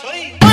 clean.